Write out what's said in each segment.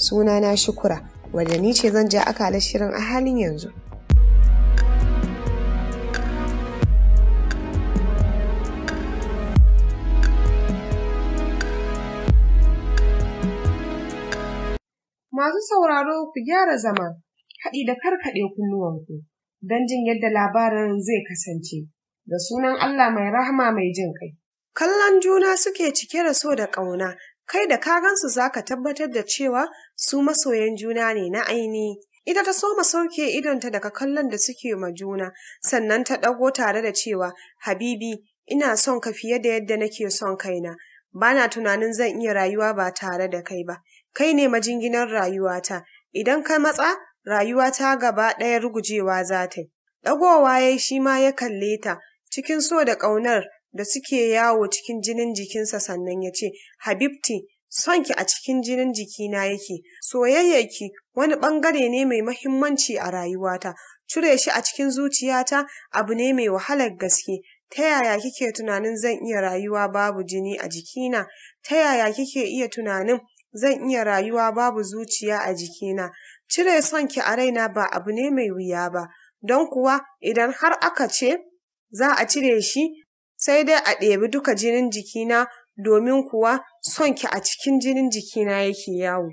suna na shukura wadda ni ce zan ja akalar shirin a halin yanzu masu sauraro ku gyara zama haɗi da karkaɗe kunnuwanku don jin yadda labarin zai kasance da sunan Allah mai rahama mai jin kai. Kallon juna suke cike da so da ƙauna kai da ka gansu za ka tabbatar da cewa su masoyan juna ne na ainihi. Ita ta soma sauke idonta daga kallon da suke ma juna, sannan ta ɗago tare da cewa, Habibi, ina son ka fiye da yadda nake son kaina, bana tunanin zan iya rayuwa ba tare da kai ba. Kai ne majinginar rayuwata, idan ka matsa, rayuwata gaba ɗaya rugujewa za ta yi. Ɗagowa ya yi shi ma ya kalle ta, cikin so da ƙaunar da suke yawo cikin jinin jikinsa sannan ya ce, Habibti, sonki a cikin jinin jikina yake, soyayyaki wani bangare ne mai mahimmanci a rayuwata, cire shi a cikin zuciyata abu ne mai wahalar gaske. Ta yaya kike tunanin zan iya rayuwa babu jini a jikina? Ta yaya kike iya tunanin zan iya rayuwa babu zuciya a jikina? Cire sonki a raina ba abu ne mai wuya ba, don kuwa idan har aka ce za a cire shi sai dai a ɗebi duka jinin jikina domin kuwa son ki a cikin jinin jikina yake yawo.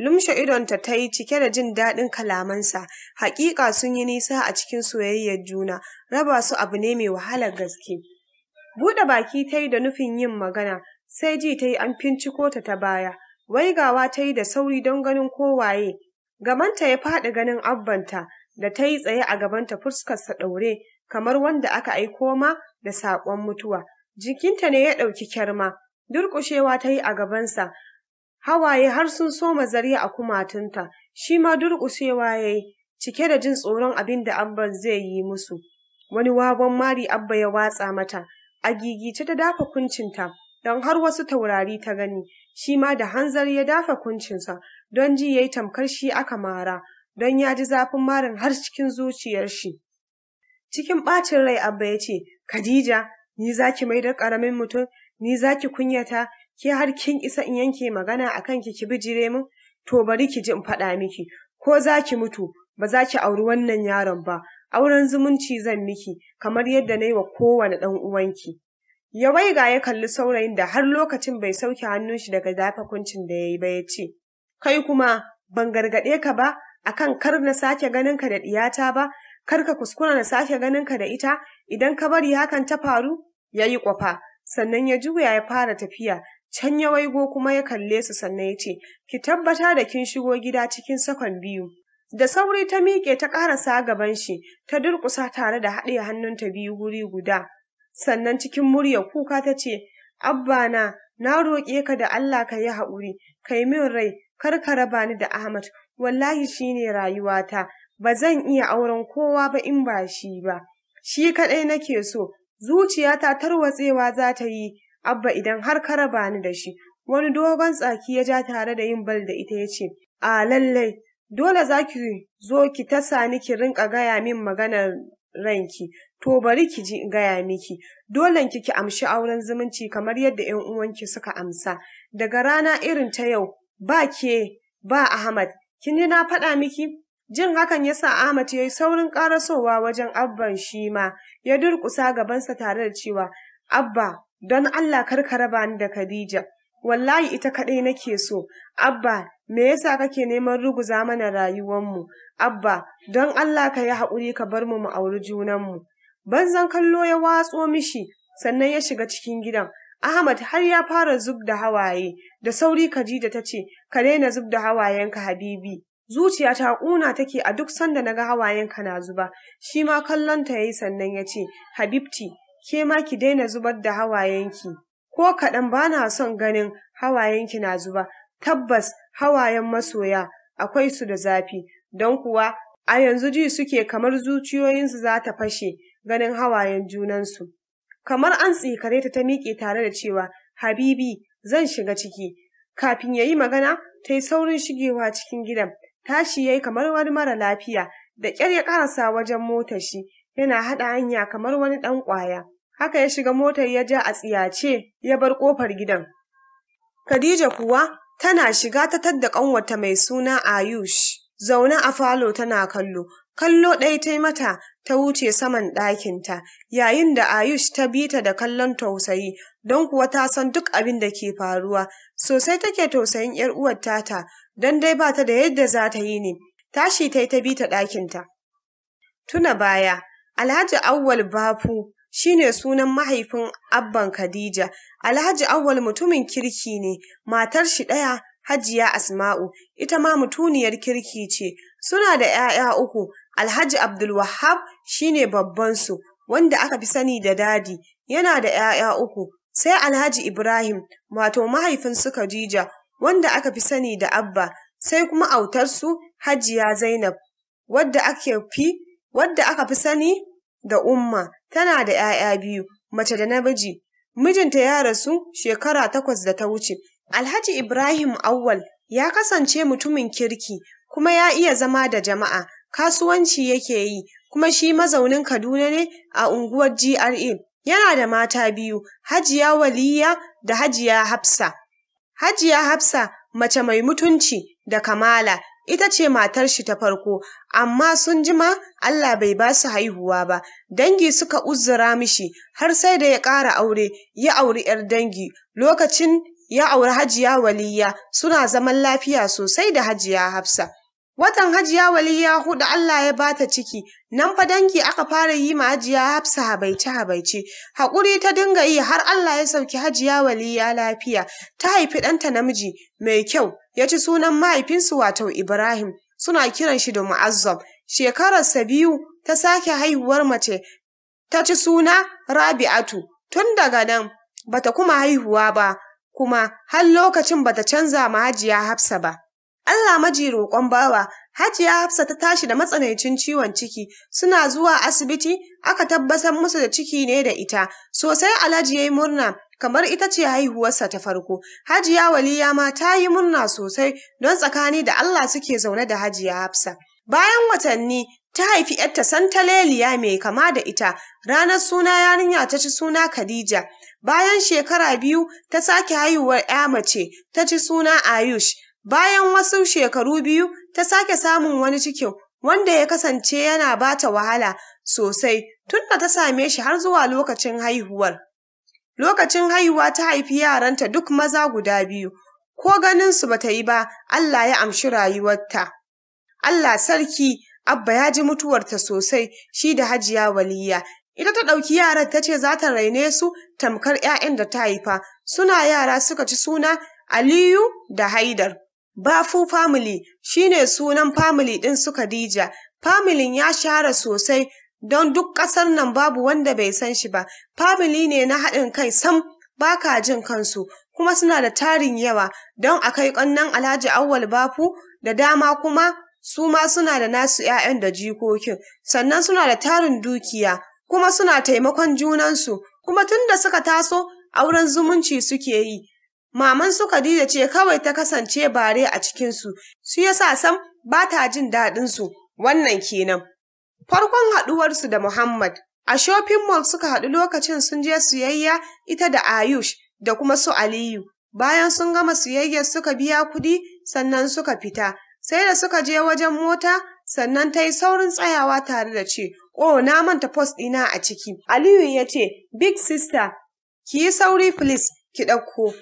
Lumshe idonta ta yi cike da jin daɗin kalamansa, haƙiƙa sun yi nisa a cikin soyayyar juna, raba su abu ne mai wahalar gaske. Buɗe baki ta yi da nufin yin magana, sai ji ta yi an finciko ta ta baya, waigawa ta yi da sauri don ganin kowaye. Gamanta ya faɗi ganin abbanta da ta yi tsaye a gabanta fuskarsa ɗaure, kamar wanda aka aiko ma da saƙon mutuwa. Jikinta ne ya ɗauki kyarma, durƙushewa ta yi a gabansa, hawaye har sun soma zari a kumatunta, shi ma durƙushewa ya yi, cike da jin tsoron abin da Abban zai yi musu. Wani wagon mari Abba ya watsa mata, a gigice ta dafa kuncinta, don har wasu taurari ta gani, shi ma da hanzar ya dafa kuncinsa, don ji ya yi tamkar shi aka mara, don ya ji zafin marin har cikin zuciyar shi. Cikin ɓacin rai Abba ya ce, Khadija, ni za ki mai da ƙaramin mutum, ni za ki kunyata, ki har kin isa in yanke magana a kanki ki bijire min? To bari ki ji in faɗa miki, ko za ki mutu, ba za ki auri wannan yaron ba, auren zumunci zan miki, kamar yadda na yi wa kowane ɗan uwanki. Ya ga ya kalli saurayin da har lokacin bai sauke hannun shi daga dafakuncin da ya yi ba ya ce, Kai kuma, ban gargaɗe ka ba, akan kar na sake ganin ka da ɗiyata ba, kar ka kuskura na sake ganin ka da ita idan ka bari hakan ta faru ya yi kwafa sannan ya juya ya fara tafiya can ya waigo kuma ya kalle su sannan ya ce ki tabbata da kin shigo gida cikin sakon biyu da sauri ta miƙe ta ƙarasa gaban shi ta durƙusa tare da haɗe hannunta biyu guri guda sannan cikin murya kuka ta ce abba na na roƙe ka da Allah ka yi haƙuri ka yi min rai kar ka raba ni da Ahmad wallahi shine rayuwata ba zan iya auren kowa ba in ba shi ba, shi kaɗai nake so, zuciyata tarwatsewa za ta yi, abba idan har ka raba ni da shi, wani dogon tsaki ya ja tare da yin bal da ita ya ce, a lallai, dole za ki zo ki ta sani ki rinka gaya min maganar ranki, to bari ki ji gaya miki, Dole ki ki amshi auren zumunci kamar yadda ‘yan uwanki suka amsa, daga rana irin ta yau, ba ke, ba Ahmad, kin ji na faɗa miki, Jin hakan ya sa Ahmad ya yi saurin ƙarasowa wajen abban shi ma, ya durƙusa gabansa tare da cewa, Abba, don Allah kar ka raba ni da Khadija, wallahi ita kaɗai nake so, Abba, me yasa kake neman ruguza mana rayuwanmu, Abba, don Allah ka yi haƙuri ka bar mu mu auri junanmu. Banzan kallo ya watso mishi, sannan ya shiga cikin gidan. Ahmad har ya fara zub da hawaye, da sauri Khadija ta ce, ka daina zub da hawayenka Habibi. Zuciya ta ƙuna take a duk sanda na ga hawayenka na zuba, shi ma kallonta ya yi sannan ya ce, Habibti, ke ma ki daina zubar da hawayenki, ko kaɗan ba na son ganin hawayenki na zuba, tabbas hawayen masoya akwai su da zafi, don kuwa a yanzu ji suke kamar zuciyoyinsu za ta fashe ganin hawayen junansu. Kamar an tsikare ta ta miƙe tare da cewa, Habibi, zan shiga ciki, kafin ya yi magana, ta yi saurin shigewa cikin gidan. Tashi yayi kamar wani mara lafiya, da ƙyar ya ƙarasa wajen motar shi, yana haɗa hanya kamar wani ɗan ƙwaya. Haka ya shiga motar ya ja a tsiyace ya bar ƙofar gidan. Khadija kuwa tana shiga ta tadda ƙanwarta mai suna Ayush, zaune a falo tana kallo. Kallo ɗaya ta mata ta wuce saman ɗakinta, yayin da Ayush ta bi ta da kallon tausayi, don kuwa ta san duk abin da ke faruwa. Sosai take tausayin ‘yar uwar tata, don dai ba ta da yadda za ta yi ne, tashi ta yi ta bi ta ɗakinta. Tuna baya, Alhaji Awwal Bafu shi ne sunan mahaifin Abban Khadija, Alhaji Awwal mutumin kirki ne, matar shi ɗaya Hajiya Asma'u, ita ma mutuniyar kirki ce, suna da ‘ya'ya uku, Alhaji Abdulwahab shi ne babbansu, wanda aka fi sani da dadi, yana da ‘ya'ya uku, sai Alhaji Ibrahim, wato mahaifin su Khadija, wanda aka fi sani da Abba, sai kuma autarsu Hajiya Zainab, wadda aka fi wadda aka fi sani da Umma, tana da ‘ya'ya biyu, mace da namiji. Mijinta ya rasu shekara takwas da ta wuce. Alhaji Ibrahim Awwal ya kasance mutumin kirki, kuma ya iya zama da jama'a, kasuwanci yake yi, kuma shi mazaunin Kaduna ne a unguwar GRA. Yana da mata biyu, Hajiya Waliya da Hajiya Hafsa. Hajiya Hafsa mace mai mutunci da kamala ita ce matar shi ta farko, amma sun jima Allah bai ba su haihuwa ba, dangi suka uzura mishi har sai da ya ƙara aure, ya auri ‘yar dangi, lokacin ya auri Hajiya Waliya suna zaman lafiya sosai da Hajiya Hafsa. Watan Hajiya Waliya hudu Allah ya bata ciki, Nan fa danki aka fara yi ma Hajiya Hafsa habaice-habaice, haƙuri ta dinga yi har Allah ya sauki Hajiya Waliya lafiya, ta haifi ɗanta namiji mai kyau, ya ci sunan mahaifinsu wato Ibrahim, suna kiran shi da Mu'azzam. sa biyu ta sake haihuwar mace, ta ci suna Rabi'atu, tun daga nan bata kuma haihuwa ba, kuma har lokacin bata canza ma Hajiya Hafsa ba. Allah maji roƙon bawa, Hajiya Hafsa ta tashi da matsanancin ciwon ciki, suna zuwa asibiti aka tabbatar musu da ciki ne da ita, sosai Alhaji ya yi murna kamar ita ce haihuwarsa ta farko. Hajiya Waliya ma ta yi murna sosai don tsakani da Allah suke zaune da Hajiya Hafsa. Bayan watanni ta haifi ‘yarta Santaleliya mai kama da ita, ranar suna yarinya ta ci suna Khadija. Bayan shekara biyu ta sake haihuwar ‘ya mace ta ci suna Ayush. Bayan wasu shekaru biyu, ta sake samun wani cikin wanda ya kasance yana ba ta wahala sosai tun da ta same shi har zuwa lokacin haihuwar. Lokacin haihuwa ta haifi yaranta duk maza guda biyu, ko su ba ta yi ba, Allah ya amshi rayuwarta. Allah sarki, Abba ya ji mutuwarta sosai shi da Hajiya Waliya. Ita ta ɗauki yaran ta ce za ta raine su tamkar ‘ya'yan da ta haifa, suna yara suka ci suna Aliyu da Haidar. Bafu Family shine sunan family ɗin su Khadija. Familin ya shahara sosai don duk ƙasar nan babu wanda bai san shi ba. Family ne na haɗin kai sam baka jin kansu kuma suna da tarin yawa don a kai ƙannan Alhaji Awwal Bafu da dama kuma su ma suna da nasu 'ya'yan da jikokin sannan suna da tarin dukiya kuma suna taimakon junansu kuma tunda suka taso auren zumunci suke yi Maman su Khadija ce kawai ta kasance bare a cikinsu, su yasa sam ba ta jin su wannan kenan. Farkon haɗuwarsu da Muhammad, a shopping mall suka haɗu lokacin sun je siyayya ita da Ayush da kuma su Aliyu. Bayan sun gama siyayyar suka biya kuɗi sannan suka fita, sai da suka je wajen mota sannan ta yi saurin tsayawa tare da ce, Oh, na manta post ɗina a ciki. Aliyu ya ce, Big sister, ki yi sauri please, ki ɗauko.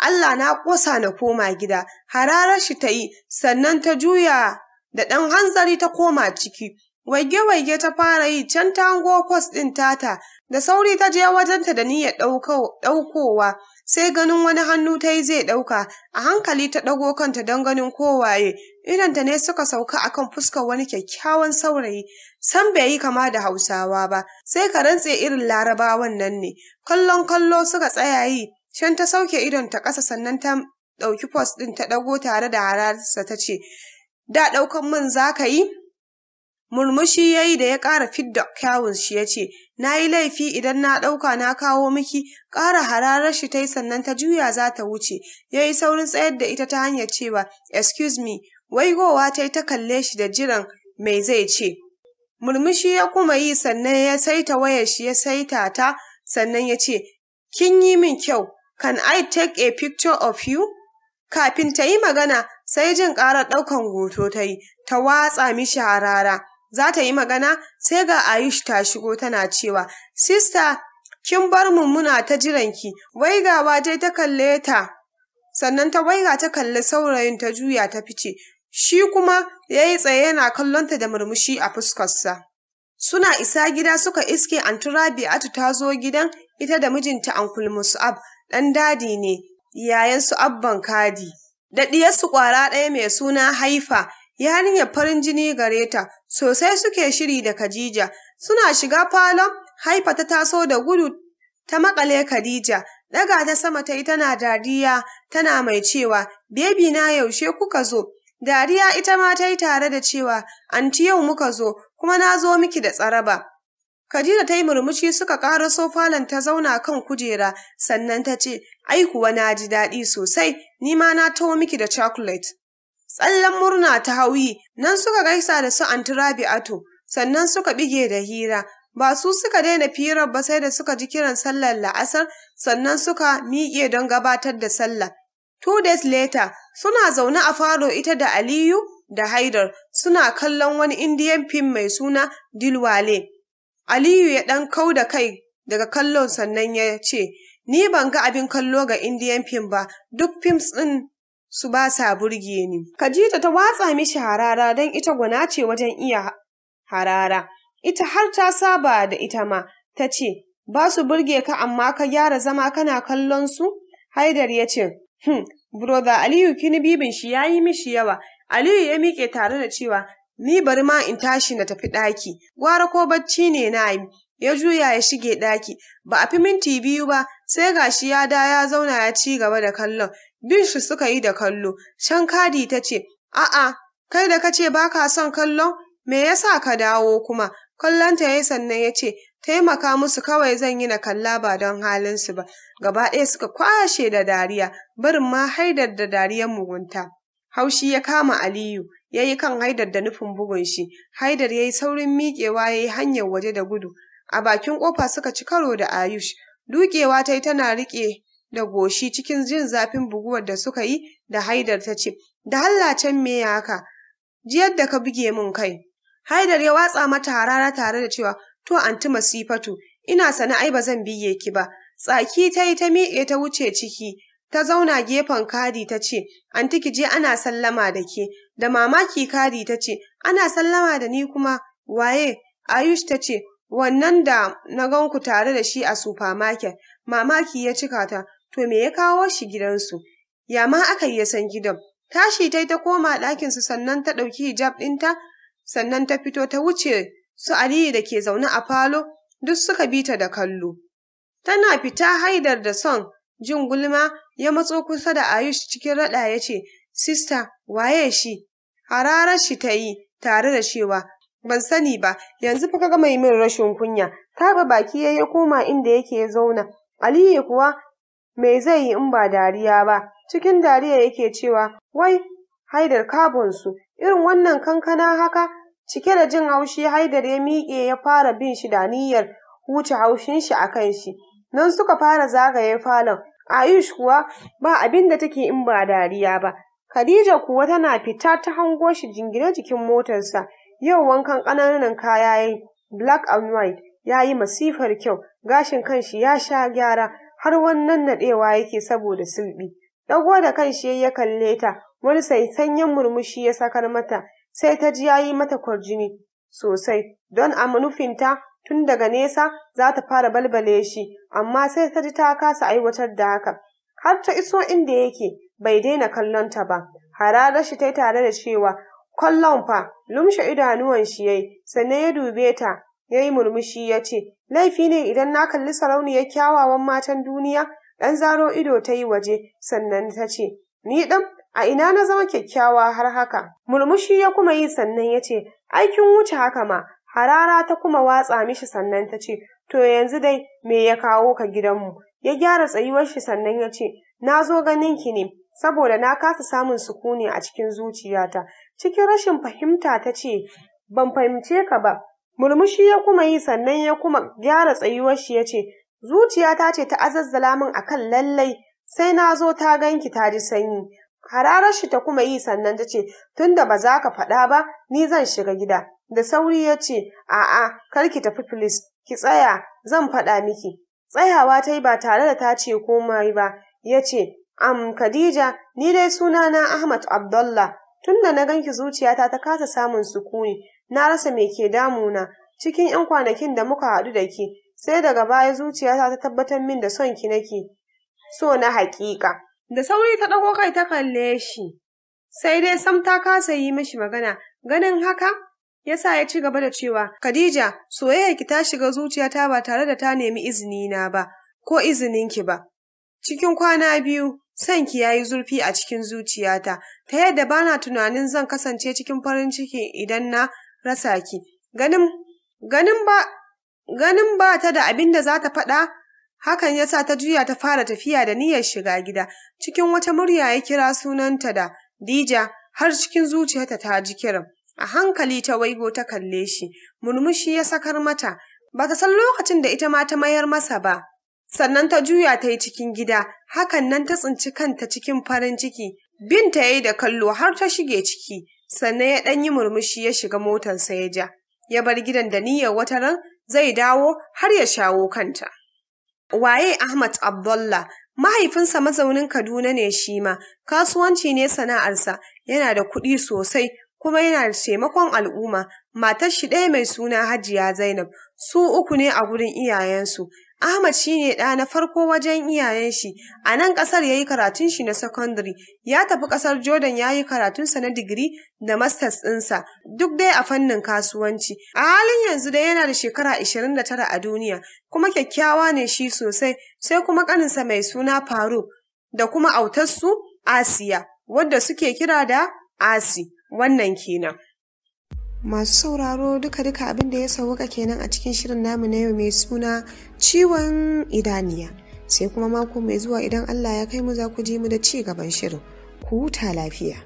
Allah na ƙosa na koma gida, hararar shi ta yi, sannan ta juya da ɗan hanzari ta koma ciki. Waige-waige ta fara yi can ta hango kwas ɗin tata, da sauri ta je wajenta da niyyar ɗaukowa, sai ganin wani hannu ta yi zai ɗauka, a hankali ta ɗago kanta don ganin kowaye, idanta ne suka sauka akan fuskar wani kyakkyawan saurayi, san bai yi kama da Hausawa ba, sai ka rantse irin larabawan nan ne, kallon kallo suka tsaya yi, Can ta sauke idon ta ƙasa sannan ta ɗauki post ɗin ta ɗago tare da hararsa ta ce, Da ɗaukan man za ka yi? Murmushi ya yi da ya ƙara fidda kyawun shi ya ce, Na yi laifi idan na ɗauka na kawo miki, ƙara hararar shi ta yi sannan ta juya za ta wuce, ya yi saurin tsayar da ita ta hanyar cewa, Excuse me, waigowa ta yi ta kalle shi da jiran mai zai ce. Murmushi ya kuma yi sannan ya saita wayar shi ya saita ta sannan ya ce, Kin yi min kyau, Can I take a picture of you? Kafin ta yi magana, sai jin ƙarar ɗaukan hoto ta yi, ta watsa mishi harara. Za ta yi magana, sai ga Ayush ta shigo tana cewa, Sista, kin bar mummuna ta jiranki, waigawa dai ta kalle ta. Sannan ta waiga ta kalli saurayin ta juya ta fice, shi kuma ya yi tsaye yana kallonta da murmushi a fuskarsa. Suna isa gida suka iske Anturabi'atu ta zo gidan ita da mijinta Ankul Mus'ab ɗan dadi ne, yayansu abban kadi. Da ɗiyarsu ƙwara ɗaya mai suna haifa, yarinyar farin jini gare ta, sosai suke shiri da Khadija. Suna shiga falon, haifa ta taso da gudu ta maƙale Khadija, ɗaga ta sama ta yi tana dariya, tana mai cewa, Bebi na yaushe kuka zo? Dariya ita ma ta yi tare da cewa, Anti yau muka zo, kuma na zo miki da tsaraba. Khadija ta yi murmushi suka ƙara falon ta zauna kan kujera, sannan ta ce, Ai kuwa na ji daɗi sosai, ni ma na tawo miki da chocolate. Tsallan murna ta hauyi, nan suka gaisa da su anti Rabi'atu, sannan suka bige da hira. Ba su suka daina firar ba sai da suka ji kiran sallar la'asar, sannan suka miƙe don gabatar da sallah. Two days later, suna zaune a falo ita da Aliyu da Haidar, suna kallon wani Indian film mai suna Dilwale. Aliyu ya ɗan kau da kai daga kallon sannan ya ce, Ni ban ga abin kallo ga Indian fim ba, duk fims ɗin su ba sa burge ni. kajita ta watsa mishi harara don ita gwana ce wajen iya harara. Ita har ta saba da ita ma, ta ce, Ba su burge ka amma ka gyara zama kana kallon su? Haidar ya ce, Hmm, Brother Aliyu kini bibin shi ya yi mishi yawa. Aliyu ya miƙe tare da cewa, Ni bari ma in tashi na tafi ɗaki, gwara ko bacci ne na yi, ya juya ya shige ɗaki, ba a fi minti biyu ba, sai gashi ya da ya zauna ya ci gaba da kallon, bin shi suka yi da kallo, can kadi ta ce, a'a, kai da kace ce ba ka son kallon, me yasa ka dawo kuma, kallonta ya yi sannan ya ce, taimaka musu kawai zan yi na kalla ba don halin su ba, gaba ɗaya suka kwashe da dariya, barin ma haidar da dariyar mugunta. Haushi ya kama Aliyu, ya yi kan haidar da nufin bugun shi haidar ya yi saurin miƙewa ya yi hanyar waje da gudu a bakin ƙofa suka ci karo da ayush duƙewa ta yi tana riƙe da goshi cikin jin zafin buguwar da suka yi da haidar ta ce da hallacen me ya haka jiyar da ka buge min kai haidar ya watsa mata harara tare da cewa to anti masifatu ina sana ai ba zan biye ki ba tsaki ta yi ta miƙe ta wuce ciki ta zauna gefen kadi ta ce anti ki je ana sallama da ke Da mamaki kari ta ce, Ana sallama da ni kuma, waye? Ayush ta ce, Wannan da na ganku tare da shi a supermarket. Mamaki ya cika ta, to me ya kawo shi gidansu? Ya ma aka yi san gidan? Tashi ta ta koma ɗakinsu sannan ta ɗauki hijab ɗinta, sannan ta fito ta wuce su Aliyu da ke zaune a falo, duk suka bi ta da kallo. Tana fita haidar da son jin gulma ya matso kusa da Ayush cikin raɗa ya ce, Sista, waye shi? hararar shi ta yi tare da cewa ban sani ba yanzu fa kaga mai min rashin kunya taba baki yayi koma inda yake zauna aliyu kuwa me zai yi in ba dariya ba cikin dariya yake cewa wai haidar kabon su irin wannan kankana haka cike da jin haushi haidar ya miƙe ya fara bin shi da niyyar huce haushin shi a kan shi nan suka fara zagaye falon ayush kuwa ba abin da take in ba dariya ba Khadija kuwa tana fita ta hango shi jingine jikin motarsa, yau wankan ƙananan kaya yayi, black and white, ya yi masifar kyau, gashin kanshi ya sha gyara, har wannan naɗewa yake saboda sulbi. Ɗago da kanshi ya kalle ta, wani sai sanyen murmushi ya sakar mata, sai ta ji ya yi mata kwarjini sosai, don a manufinta tun daga nesa za ta fara balbale shi, amma sai ta ji ta kasa aiwatar da haka. Har ta iso inda yake, bai daina kallon ta ba hararar shi ta yi tare da cewa kallon fa lumshe idanuwan shi yayi sannan ya dube ta Ya yi murmushi ya ce laifi ne idan na kalli sarauniyar kyawawan matan duniya ɗan zaro ido ta yi waje sannan ta ce ni ɗan a ina na zama kyakkyawa har haka murmushi ya kuma yi sannan ya ce aikin wuce haka ma harara ta kuma watsa mishi sannan ta ce to yanzu dai me ya kawo ka gidanmu ya gyara tsayuwar shi sannan ya ce na zo ganin ki ne saboda na kasa samun sukuni a cikin zuciyata. Cikin rashin fahimta ta ce, ban fahimce ka ba. Murmushi ya kuma yi sannan ya kuma gyara tsayuwar shi ya ce, zuciyata ce ta azazzala min akan lallai sai na zo ta ganki ta ji sanyi. Hararar shi ta kuma yi sannan ta ce, tunda ba za ka faɗa ba, ni zan shiga gida. Da sauri ya ce, a'a, kar ki tafi filis, ki tsaya, zan faɗa miki. Tsayawa ta yi ba tare da ta ce komai ba, ya ce, Am Khadija, ni dai suna na Ahmad Abdullah. Tunda na ganki zuciyata ta kasa samun sukuni, na rasa me ke damuna. Cikin 'yan kwanakin da muka haɗu da ke, sai daga baya zuciyata ta tabbatar min da son ki nake. So na haƙiƙa. Da sauri ta ɗago kai ta kalle shi. Sai dai sam ta kasa yi mishi magana. Ganin haka, yasa ya ci gaba da cewa, Khadija, soyayya ki ta shiga zuciyata ba tare da ta nemi izini na ba, ko izininki ba. Cikin kwana biyu, Sanki ya yi zurfi a cikin zuciyata, ta yadda bana tunanin zan kasance cikin farin ciki idan na rasa ki. Ganin ganin ba ganin ba ta da abin da za ta faɗa hakan ya sa ta juya ta fara tafiya da niyyar shiga gida. Cikin wata murya ya kira sunanta da Dija har cikin zuciyarta ta ji kiran. A hankali ta waigo ta kalle shi, murmushi ya sakar mata, ba ta san lokacin da ita ma ta mayar masa ba. sannan ta juya ta yi cikin gida, hakan nan ta tsinci kanta cikin farin ciki, binta ya yi da kallo har ta shige ciki, sannan ya ɗan yi murmushi ya shiga motarsa ya ja, ya bar gidan da niyyar wata ran zai dawo har ya shawo kanta. Waye Ahmad Abdullah, mahaifinsa mazaunin Kaduna ne shi ma, kasuwanci ne sana'arsa, yana da kuɗi sosai, kuma yana da taimakon al'umma matar shi ɗaya mai suna hajiya zainab su uku ne a gurin iyayensu Ahmad shi ne ɗa na farko wajen iyayen shi, a nan ƙasar ya yi karatun shi na sakandare, ya tafi ƙasar Jordan ya yi karatunsa na digiri da masters ɗinsa, duk dai a fannin kasuwanci. A halin yanzu dai yana da shekara 29 a duniya, kuma kyakkyawa ne shi sosai, sai kuma ƙaninsa mai suna Faruk da kuma autarsu Asiya, wadda suke kira da Asi, wannan kenan. masu sauraro duka-duka abin da ya sauka kenan a cikin shirin namu na yau mai suna ciwon idaniya sai kuma mako mai zuwa idan allah ya kai mu za ku ji mu da ci gaban shirin ku huta lafiya